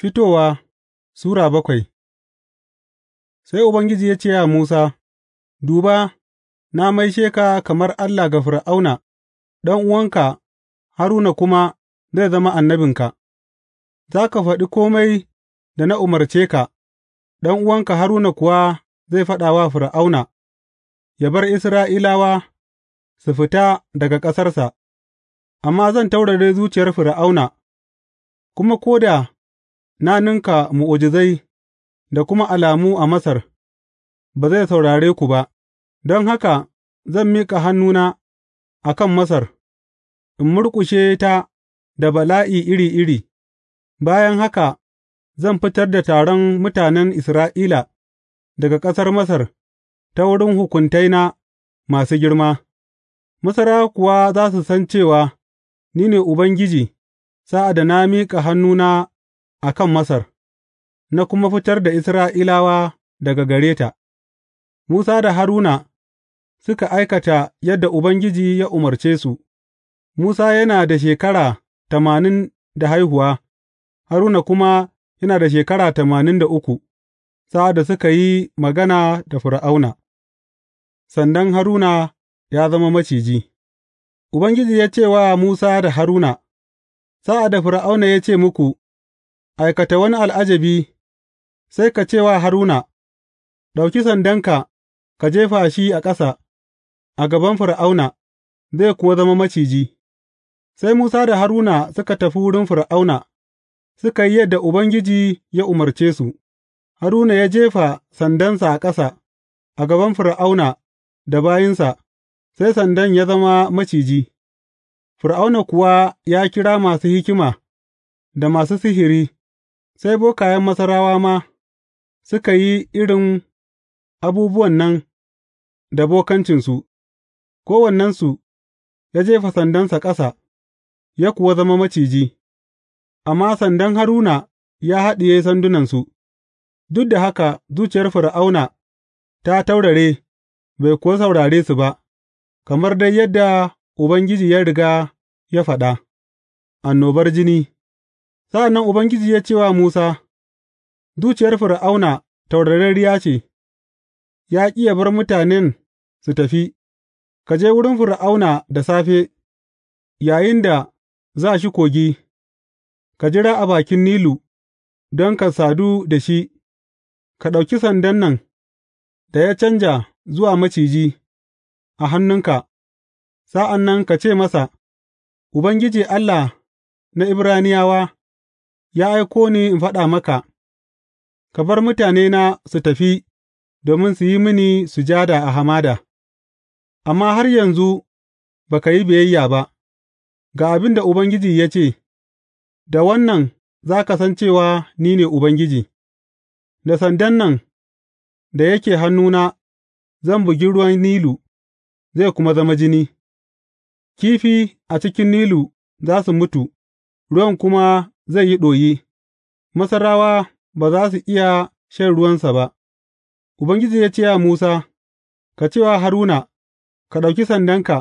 Fitowa Sura bakwai Sai Ubangiji ya ce wa Musa, Duba, na maishe ka kamar Allah ga Fir'auna, ɗan'uwanka Haruna kuma zai zama annabinka, za ka faɗi komai da na umarce ka, ɗan'uwanka Haruna kuwa zai faɗa wa Fir'auna, ya bar Isra'ilawa su fita daga ƙasarsa, amma zan taurare zuciyar Fir'auna, kuma ko da Na ninka mu'ujizai da kuma alamu a Masar, ba zai saurare ku ba, don haka zan miƙa hannuna a kan Masar, in murƙushe ta da bala'i iri iri, bayan haka zan fitar da taron mutanen Isra'ila daga ƙasar Masar ta wurin hukuntaina masu girma, Masarawa kuwa za su san cewa ni ne Ubangiji sa'ad da na miƙa hannuna. a kan Masar, na kuma fitar da Isra'ilawa daga gare ta, Musa da Haruna suka aikata yadda Ubangiji ya umarce su, Musa yana da shekara tamanin da haihuwa, Haruna kuma yana da shekara tamanin da uku, sa'ad da suka yi magana da Fir'auna, sandan Haruna ya zama maciji. Ubangiji ya ce wa Musa da Haruna, Sa'ad da Fir'auna ya ce muku, Aikata wani al'ajabi, sai ka ce wa Haruna, Ɗauki sandanka ka jefa shi a ƙasa, a gaban Fir'auna, zai kuwa zama maciji.’ Sai Musa da Haruna suka tafi wurin Fir'auna, suka yi yadda Ubangiji ya umarce su, Haruna ya jefa sandansa a ƙasa, a gaban Fir'auna da bayinsa, sai sandan ya zama maciji, Fir'auna kuwa ya kira masu hikima da masu sihiri, Sai bokayen Masarawa ma suka yi irin abubuwan nan da bokancinsu, kowannensu ya jefa sandansa ƙasa, ya kuwa zama maciji, amma sandan Haruna ya haɗiye sandunansu, duk da haka zuciyar Fir'auna ta taurare, bai kuwa saurare su ba, kamar dai yadda Ubangiji ya riga ya faɗa. Annobar jini. Sa'an nan Ubangiji ya ce wa Musa, Zuciyar Fir'auna taurariya ce, ya ƙi yă bar mutanen su tafi, ka je wurin Fir'auna da safe, yayinda za shi kogi, ka jira a bakin Nilu don ka sadu da shi, ka ɗauki sandan nan da ya canja zuwa maciji a hannunka, sa'an nan ka ce masa, Ubangiji Allah na Ibraniyawa ya aiko ni in faɗa maka, Ka bar mutanena su tafi domin su yi mini sujada a hamada, amma har yanzu ba ka yi biyayya ba, ga abin da Ubangiji ya ce, Da wannan za ka san cewa ni ne Ubangiji, da sandan nan da yake hannuna zan bugi ruwan Nilu, zai kuma zama jini, kifi a cikin Nilu za su mutu, ruwan kuma zai yi ɗoyi, Masarawa ba za su iya shan ruwansa ba. Ubangiji ya ce wa Musa, Ka ce wa Haruna, Ka ɗauki sandanka,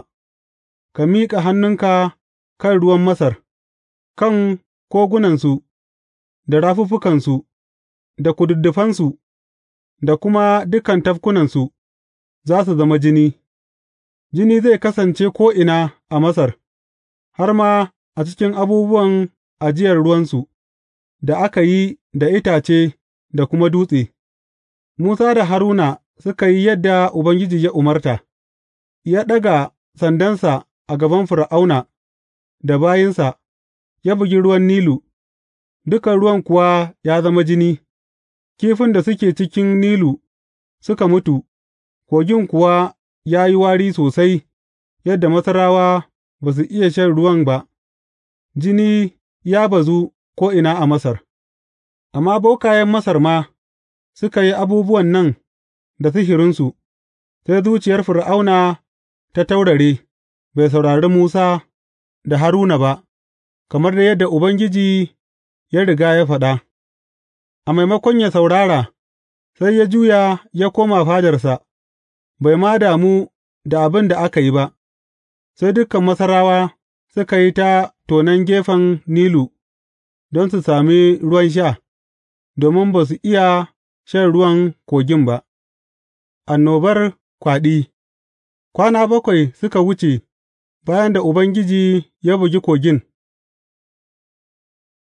ka miƙa hannunka kan ruwan Masar, kan kogunansu, da rafuffukansu, da kududdufansu, da kuma dukan tafkunansu, za su zama jini, jini zai kasance ko'ina a Masar, har ma a cikin abubuwan ajiyar ruwansu, da aka yi da itace da kuma dutse, Musa da Haruna suka yi yadda Ubangiji ya umarta, ya ɗaga sandansa a gaban Fir'auna da bayinsa, ya bugi ruwan Nilu, dukan ruwan kuwa ya zama jini, kifin da suke cikin Nilu suka mutu, kogin kuwa ya yi wari sosai yadda Masarawa ba su iya shan ruwan ba, jini ya bazu ko'ina a Masar, amma bokayen Masar ma suka yi abubuwan nan da sihirinsu, sai zuciyar Fir'auna ta taurare, bai saurari Musa da Haruna ba, kamar da yadda Ubangiji ya riga ya faɗa, a maimakon ya saurara, sai ya juya ya koma fadarsa, bai ma damu da abin da aka yi ba, sai dukan Masarawa suka yi ta tonon gefen Nilu don su sami ruwan sha, domin ba su iya shan ruwan kogin ba. Annobar kwaɗi Kwana bakwai suka wuce bayan da Ubangiji ya bugi kogin.